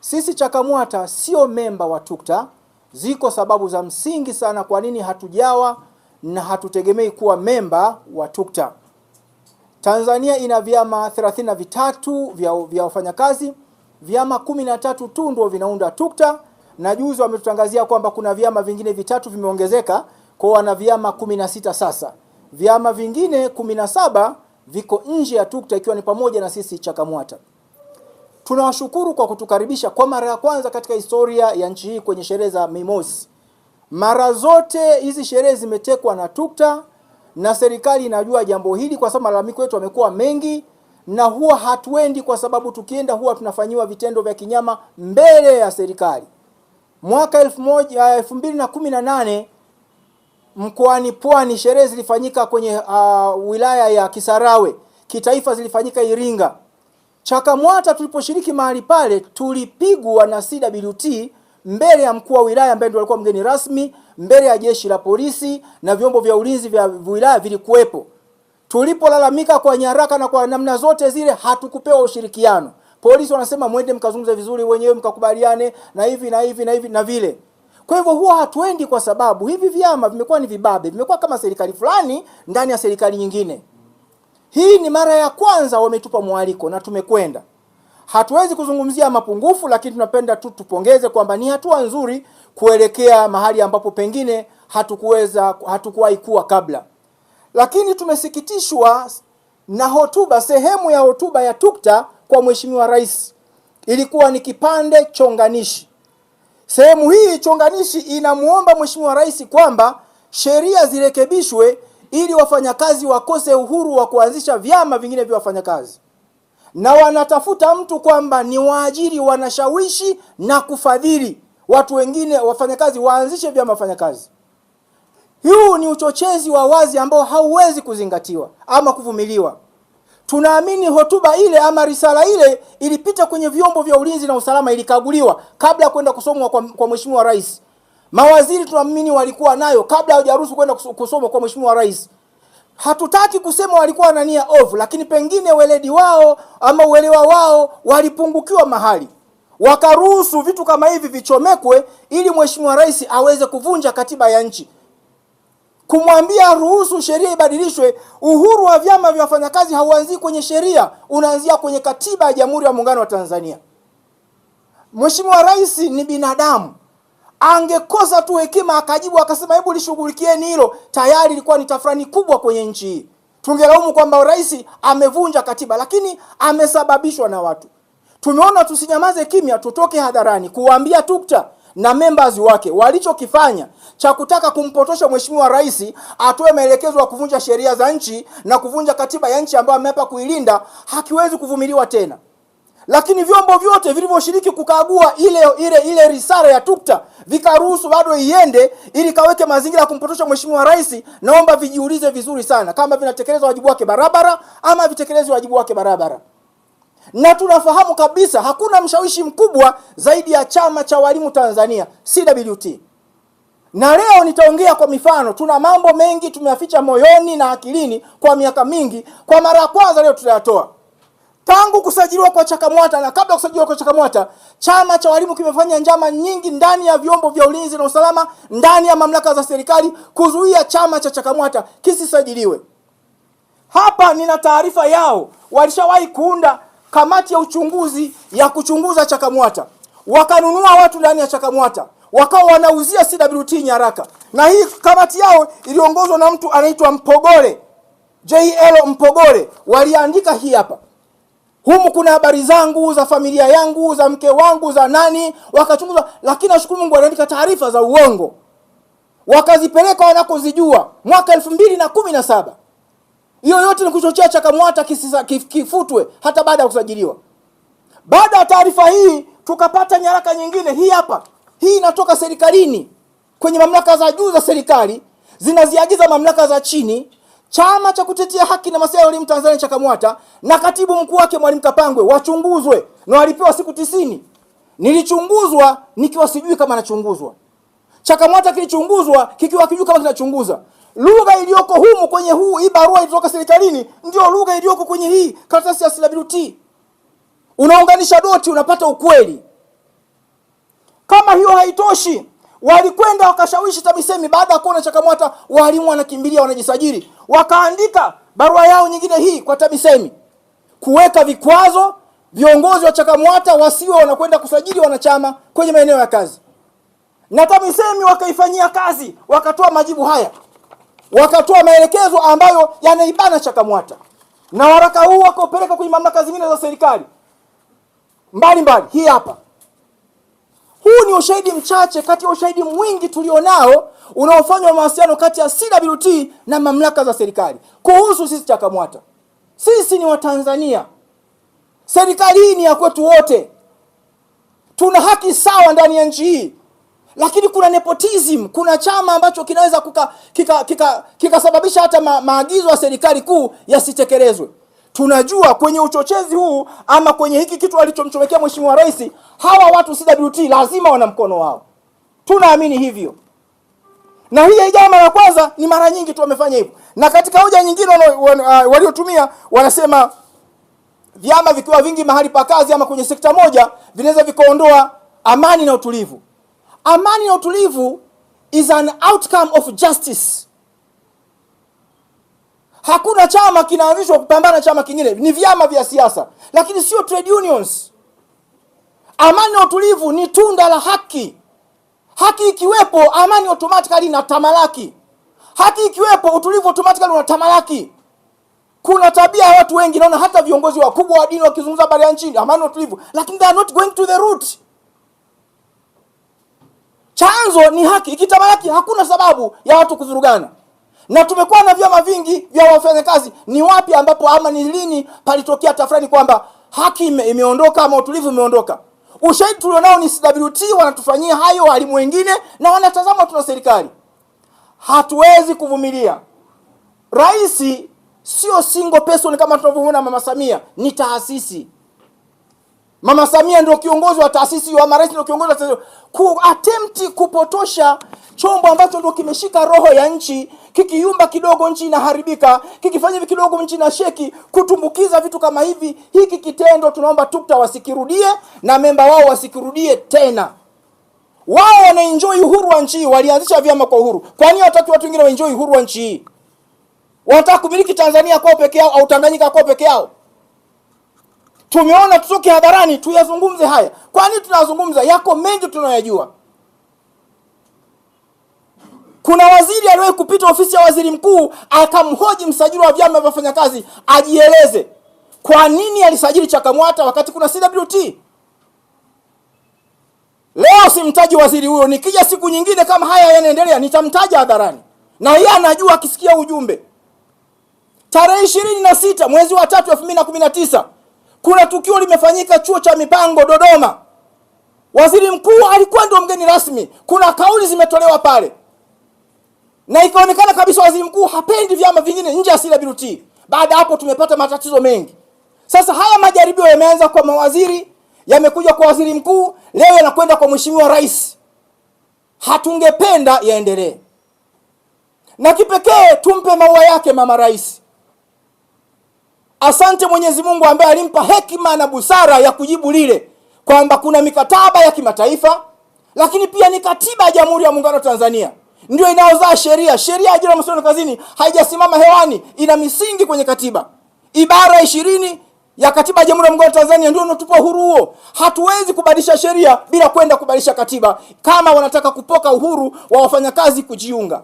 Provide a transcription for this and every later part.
Sisi CHAKAMWATA sio memba wa tukta Ziko sababu za msingi sana kwa nini hatujawa na hatutegemei kuwa memba wa tukta Tanzania ina vyama 33 vitatu vya, vya wafanyakazi. Vyama kumi tu ndio vinaunda tukta na juzi wametutangazia kwamba kuna vyama vingine vitatu vimeongezeka kwa wana vyama 16 sita sasa. Vyama vingine 17 saba viko nje ya tukta ikiwa ni pamoja na sisi CHAKAMWATA. Tunawashukuru kwa kutukaribisha kwa mara ya kwanza katika historia ya nchi hii kwenye sherehe za Mei Mosi. Mara zote hizi sherehe zimetekwa na tukta na serikali inajua jambo hili, kwa sababu malalamiko yetu yamekuwa mengi na huwa hatuendi, kwa sababu tukienda huwa tunafanyiwa vitendo vya kinyama mbele ya serikali. Mwaka elfu ah, mbili na kumi na nane mkoani Pwani sherehe zilifanyika kwenye uh, wilaya ya Kisarawe, kitaifa zilifanyika Iringa. CHAKAMWATA tuliposhiriki mahali pale tulipigwa na CWT mbele ya mkuu wa wilaya ambaye ndiye alikuwa mgeni rasmi, mbele ya jeshi la polisi na vyombo vya ulinzi vya wilaya vilikuwepo. Tulipolalamika kwa nyaraka na kwa namna zote zile, hatukupewa ushirikiano. Polisi wanasema mwende mkazungumze vizuri wenyewe mkakubaliane na hivi na hivi na hivi na vile. Kwa hivyo huwa hatuendi, kwa sababu hivi vyama vimekuwa ni vibabe, vimekuwa kama serikali fulani ndani ya serikali nyingine. Hii ni mara ya kwanza wametupa mwaliko na tumekwenda. Hatuwezi kuzungumzia mapungufu, lakini tunapenda tu tupongeze kwamba ni hatua nzuri kuelekea mahali ambapo pengine hatukuweza hatukuwahi kuwa kabla. Lakini tumesikitishwa na hotuba, sehemu ya hotuba ya tukta kwa Mheshimiwa Rais ilikuwa ni kipande chonganishi. Sehemu hii chonganishi inamuomba Mheshimiwa Rais kwamba sheria zirekebishwe ili wafanyakazi wakose uhuru wa kuanzisha vyama vingine vya wafanyakazi, na wanatafuta mtu kwamba ni waajiri wanashawishi na kufadhili watu wengine wafanyakazi waanzishe vyama wafanyakazi. Huu ni uchochezi wa wazi ambao hauwezi kuzingatiwa ama kuvumiliwa. Tunaamini hotuba ile ama risala ile ilipita kwenye vyombo vya ulinzi na usalama, ilikaguliwa kabla ya kwenda kusomwa kwa, kwa Mheshimiwa Rais. Mawaziri tunaamini walikuwa nayo kabla hawajaruhusu kwenda kusoma kwa mheshimiwa rais. Hatutaki kusema walikuwa na nia ovu, lakini pengine weledi wao ama uelewa wao walipungukiwa mahali, wakaruhusu vitu kama hivi vichomekwe ili mheshimiwa rais aweze kuvunja katiba ya nchi, kumwambia ruhusu sheria ibadilishwe. Uhuru wa vyama vya wafanyakazi hauanzii kwenye sheria, unaanzia kwenye katiba ya Jamhuri ya Muungano wa Tanzania. Mheshimiwa rais ni binadamu. Angekosa tu hekima akajibu akasema hebu lishughulikieni hilo, tayari ilikuwa ni tafrani kubwa kwenye nchi hii. Tungelaumu kwamba rais amevunja katiba, lakini amesababishwa na watu. Tumeona tusinyamaze kimya, tutoke hadharani kuwaambia tukta na members wake walichokifanya cha kutaka kumpotosha mheshimiwa rais atoe maelekezo ya kuvunja sheria za nchi na kuvunja katiba ya nchi ambayo ameapa kuilinda hakiwezi kuvumiliwa tena lakini vyombo vyote vilivyoshiriki kukagua ile ile ile risala ya tukta vikaruhusu bado iende ili kaweke mazingira ya kumpotosha mheshimiwa rais, naomba vijiulize vizuri sana kama vinatekeleza wajibu wake barabara ama vitekelezi wajibu wake barabara. Na tunafahamu kabisa hakuna mshawishi mkubwa zaidi ya chama cha walimu Tanzania CWT. Na leo nitaongea kwa mifano. Tuna mambo mengi tumeyaficha moyoni na akilini kwa miaka mingi, kwa mara ya kwanza leo tutayatoa. Tangu kusajiliwa kwa CHAKAMWATA na kabla kusajiliwa kwa CHAKAMWATA, chama cha walimu kimefanya njama nyingi ndani ya vyombo vya ulinzi na usalama, ndani ya mamlaka za serikali kuzuia chama cha CHAKAMWATA kisisajiliwe. Hapa nina taarifa yao, walishawahi kuunda kamati ya uchunguzi ya kuchunguza CHAKAMWATA, wakanunua watu ndani ya CHAKAMWATA wakawa wanauzia CWT nyaraka, na hii kamati yao iliongozwa na mtu anaitwa Mpogole, JL Mpogole, waliandika hii hapa humu kuna habari zangu za familia yangu za mke wangu za nani, wakachunguza. Lakini nashukuru Mungu, waliandika taarifa za uongo wakazipeleka wanakozijua mwaka elfu mbili na kumi na saba. Hiyo yote ni kuchochea CHAKAMWATA kifutwe hata baada ya kusajiliwa. Baada ya taarifa hii, tukapata nyaraka nyingine, hii hapa. Hii inatoka serikalini, kwenye mamlaka za juu za serikali, zinaziagiza mamlaka za chini Chama cha kutetea haki na masuala ya elimu Tanzania cha Kamwata na katibu mkuu wake Mwalimu Kapangwe wachunguzwe na walipewa siku tisini. Nilichunguzwa nikiwa sijui kama nachunguzwa. Chakamwata kilichunguzwa kikiwa kijui kama kinachunguza. Lugha iliyoko humu kwenye huu hii barua ilitoka serikalini ndio lugha iliyoko kwenye hii karatasi ya CWT. Unaunganisha doti unapata ukweli. Kama hiyo haitoshi, Walikwenda wakashawishi TAMISEMI, baada ya kuona CHAKAMWATA walimu wanakimbilia wanajisajili, wakaandika barua yao nyingine hii kwa TAMISEMI kuweka vikwazo viongozi wa CHAKAMWATA wasiwe wanakwenda kusajili wanachama kwenye maeneo ya kazi, na TAMISEMI wakaifanyia kazi, wakatoa majibu haya, wakatoa maelekezo ambayo yanaibana CHAKAMWATA, na waraka huu wakaupeleka kwenye mamlaka zingine za serikali mbalimbali. Hii hapa huu ni ushahidi mchache kati ya ushahidi mwingi tulionao unaofanywa mawasiliano kati ya CWT na mamlaka za serikali kuhusu sisi CHAKAMWATA. Sisi ni Watanzania, serikali hii ni ya kwetu wote, tuna haki sawa ndani ya nchi hii, lakini kuna nepotism, kuna chama ambacho kinaweza kikasababisha kika, kika, kika hata ma, maagizo ya serikali kuu yasitekelezwe tunajua kwenye uchochezi huu ama kwenye hiki kitu alichomchomekea mheshimiwa rais, hawa watu CWT lazima wana mkono wao, tunaamini hivyo, na hii haijawa mara ya kwanza, ni mara nyingi tu wamefanya hivyo. Na katika hoja nyingine ah, waliotumia wanasema vyama vikiwa vingi mahali pa kazi ama kwenye sekta moja vinaweza vikaondoa amani na utulivu. Amani na utulivu is an outcome of justice Hakuna chama kinaanzishwa kupambana chama kingine, ni vyama vya siasa, lakini sio trade unions. Amani na utulivu ni tunda la haki. Haki ikiwepo, amani automatically tamalaki Haki ikiwepo, utulivu automatically tamalaki Kuna tabia ya watu wengi, naona hata viongozi wakubwa wa dini wakizungumza habari ya nchini amani na utulivu, lakini they are not going to the root. Chanzo ni haki, ikitamalaki hakuna sababu ya watu kuvurugana na tumekuwa na vyama vingi vya wafanyakazi. Ni wapi ambapo ama ni lini palitokea tafrani kwamba haki imeondoka ama utulivu umeondoka? Ushahidi tulionao ni CWT wanatufanyia hayo walimu wengine, na wanatazama tuna serikali. Hatuwezi kuvumilia. Rais sio single person kama tunavyoona Mama Samia, ni taasisi. Mama Samia ndio kiongozi wa taasisi wa marais ndio kiongozi wa taasisi. ku attempt kupotosha chombo ambacho ndio kimeshika roho ya nchi, kikiyumba kidogo nchi inaharibika, kikifanya kidogo nchi na sheki, kutumbukiza vitu kama hivi. Hiki kitendo tunaomba tukta wasikirudie na memba wao wasikirudie tena. Wao wanaenjoy uhuru wa nchi, walianzisha vyama kwa uhuru. Kwa nini wataki watu wengine waenjoy uhuru wa nchi hii? Wanataka kumiliki Tanzania kwao peke yao au Tanganyika kwao peke yao? Tumeona tutoke hadharani tuyazungumze haya. Kwa nini tunazungumza? Yako mengi tunayajua. Kuna waziri aliwahi kupita ofisi ya waziri mkuu akamhoji msajili wa vyama vya wafanyakazi ajieleze kwa nini alisajili CHAKAMWATA wakati kuna CWT. Leo simtaji waziri huyo, nikija siku nyingine kama haya yanaendelea nitamtaja hadharani, na yeye anajua akisikia ujumbe. Tarehe ishirini na sita mwezi wa tatu elfu mbili na kumi na tisa kuna tukio limefanyika chuo cha mipango Dodoma. Waziri mkuu alikuwa ndio mgeni rasmi. Kuna kauli zimetolewa pale na ikaonekana kabisa waziri mkuu hapendi vyama vingine nje ya CWT. Baada hapo tumepata matatizo mengi. Sasa haya majaribio yameanza kwa mawaziri, yamekuja kwa waziri mkuu, leo yanakwenda kwa mheshimiwa rais. Hatungependa yaendelee, na kipekee tumpe maua yake mama rais. Asante Mwenyezi Mungu ambaye alimpa hekima na busara ya kujibu lile kwamba kuna mikataba ya kimataifa, lakini pia ni katiba ya Jamhuri ya Muungano wa Tanzania ndio inaozaa sheria. Sheria ya ajira na masuala kazini haijasimama hewani, ina misingi kwenye katiba. Ibara ya ishirini ya katiba ya Jamhuri ya Muungano wa Tanzania ndio inatupa uhuru huo. Hatuwezi kubadilisha sheria bila kwenda kubadilisha katiba, kama wanataka kupoka uhuru wa wafanyakazi kujiunga.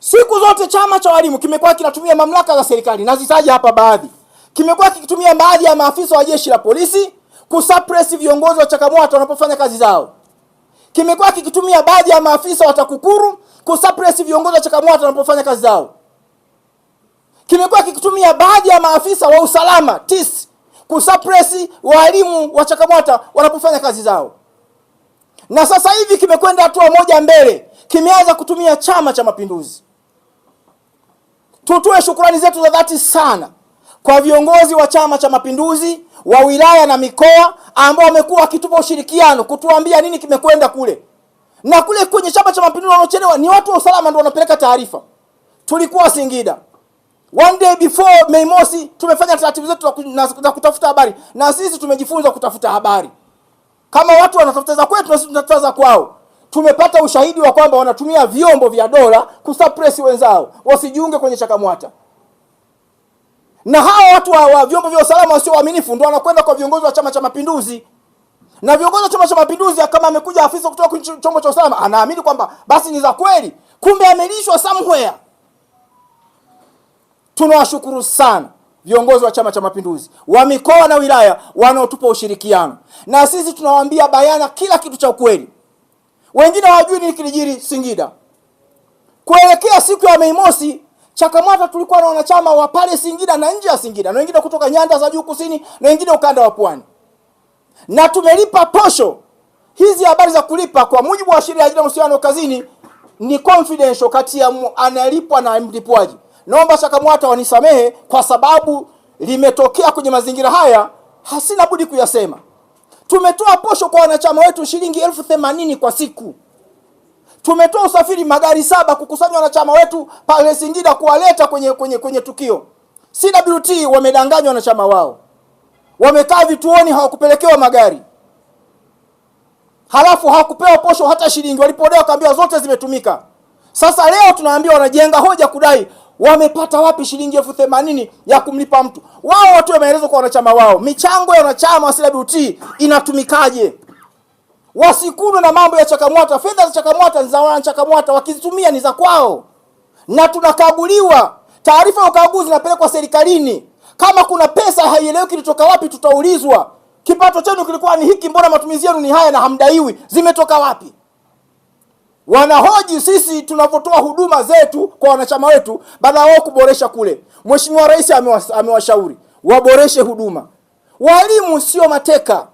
Siku zote chama cha walimu kimekuwa kinatumia mamlaka za serikali, nazitaja hapa baadhi. Kimekuwa kikitumia baadhi ya maafisa wa jeshi la polisi kusuppress viongozi wa CHAKAMWATA wanapofanya kazi zao kimekuwa kikitumia baadhi ya maafisa wa TAKUKURU kusupress viongozi wa CHAKAMWATA wanapofanya kazi zao. Kimekuwa kikitumia baadhi ya maafisa wa usalama TIS kusupress walimu wa CHAKAMWATA wanapofanya kazi zao, na sasa hivi kimekwenda hatua moja mbele, kimeanza kutumia Chama cha Mapinduzi. Tutoe shukrani zetu za dhati sana kwa viongozi wa Chama cha Mapinduzi wa wilaya na mikoa ambao wamekuwa wakitupa ushirikiano kutuambia nini kimekwenda kule na kule. Kwenye Chama cha Mapinduzi wanaochelewa ni watu wa usalama, ndio wanapeleka taarifa. Tulikuwa Singida one day before Mei Mosi, tumefanya taratibu zetu za kutafuta habari, na sisi tumejifunza kutafuta habari kama watu wanatafuta za kwetu na sisi tunatafuta za kwao. Tumepata ushahidi wa kwamba wanatumia vyombo vya dola kusuppress wenzao wasijiunge kwenye CHAKAMWATA na hawa watu wa vyombo vya usalama wasio waaminifu ndio wanakwenda kwa viongozi wa Chama cha Mapinduzi, na viongozi wa Chama cha Mapinduzi kama amekuja afisa kutoka chombo cha usalama anaamini kwamba basi ni za kweli, kumbe amelishwa somewhere. Tunawashukuru sana viongozi wa Chama cha Mapinduzi wa mikoa na wilaya wanaotupa ushirikiano, na sisi tunawaambia bayana kila kitu cha ukweli. Wengine hawajui nini kilijiri Singida kuelekea siku ya Mei Mosi. Chakamata tulikuwa na wanachama wa pale Singida na nje ya Singida na wengine kutoka nyanda za juu kusini na wengine ukanda wa pwani, na tumelipa posho. Hizi habari za kulipa kwa mujibu wa sheria ya ajira mahusiano kazini ni confidential kati ya analipwa na mlipwaji. Naomba Chakamata wanisamehe kwa sababu limetokea kwenye mazingira haya, hasina budi kuyasema. Tumetoa posho kwa wanachama wetu shilingi elfu themanini kwa siku. Tumetoa usafiri magari saba kukusanya wanachama wetu pale Singida kuwaleta kwenye, kwenye, kwenye tukio. CWT wamedanganywa wanachama wao, wamekaa vituoni hawakupelekewa magari, halafu hawakupewa posho hata shilingi. Walipodai wakaambiwa zote zimetumika. Sasa leo tunaambiwa wanajenga hoja kudai wamepata wapi shilingi elfu themanini ya kumlipa mtu. Wao watoe maelezo kwa wanachama wao, michango ya wanachama wa CWT inatumikaje? wasikunwe na mambo ya CHAKAMWATA. Fedha za CHAKAMWATA ni za wanaCHAKAMWATA, wakizitumia ni za kwao, na tunakaguliwa. Taarifa ya ukaguzi inapelekwa serikalini. Kama kuna pesa haieleweki ilitoka wapi, tutaulizwa. Kipato chenu kilikuwa ni hiki, mbona matumizi yenu ni haya na hamdaiwi? Zimetoka wapi? Wanahoji sisi tunavyotoa huduma zetu kwa wanachama wetu, baada ya wao kuboresha kule. Mheshimiwa Rais amewashauri waboreshe huduma. Walimu sio mateka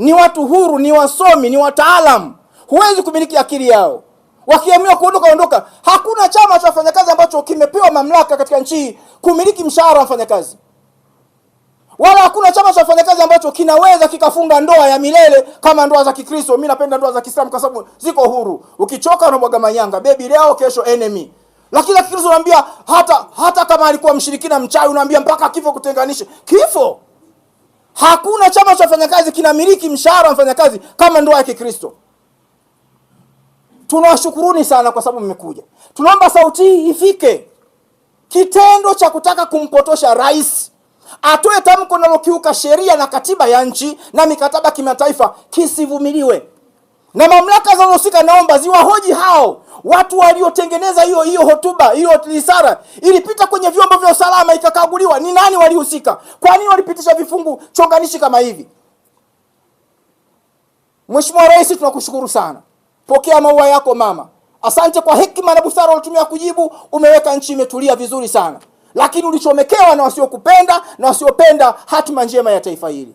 ni watu huru, ni wasomi, ni wataalam. Huwezi kumiliki akili yao. Wakiamua kuondoka, ondoka. Hakuna chama cha wafanyakazi ambacho kimepewa mamlaka katika nchi hii kumiliki mshahara wa mfanyakazi, wala hakuna chama cha wafanyakazi ambacho kinaweza kikafunga ndoa ya milele kama ndoa za Kikristo. Mimi napenda ndoa za Kiislamu kwa sababu ziko huru. Ukichoka unamwaga manyanga, bebi leo, kesho enemy lakini Kikristo unaambia hata hata kama alikuwa mshirikina mchawi, unaambia mpaka kifo kutenganishe. Kifo Hakuna chama cha wafanyakazi kinamiliki mshahara wa mfanyakazi kama ndoa ya Kikristo. Tunawashukuruni sana kwa sababu mmekuja. Tunaomba sauti hii ifike. Kitendo cha kutaka kumpotosha rais atoe tamko linalokiuka sheria na katiba ya nchi na mikataba kimataifa kisivumiliwe na mamlaka zinazohusika naomba ziwahoji hao watu waliotengeneza hiyo hiyo hotuba hiyo risala ilipita kwenye vyombo vya usalama ikakaguliwa, ni nani walihusika, kwa nini walipitisha vifungu chonganishi kama hivi. Mheshimiwa Rais, tunakushukuru sana, pokea maua yako mama. Asante kwa hekima na busara ulitumia kujibu, umeweka nchi imetulia vizuri sana, lakini ulichomekewa na wasiokupenda na wasiopenda hatima njema ya taifa hili.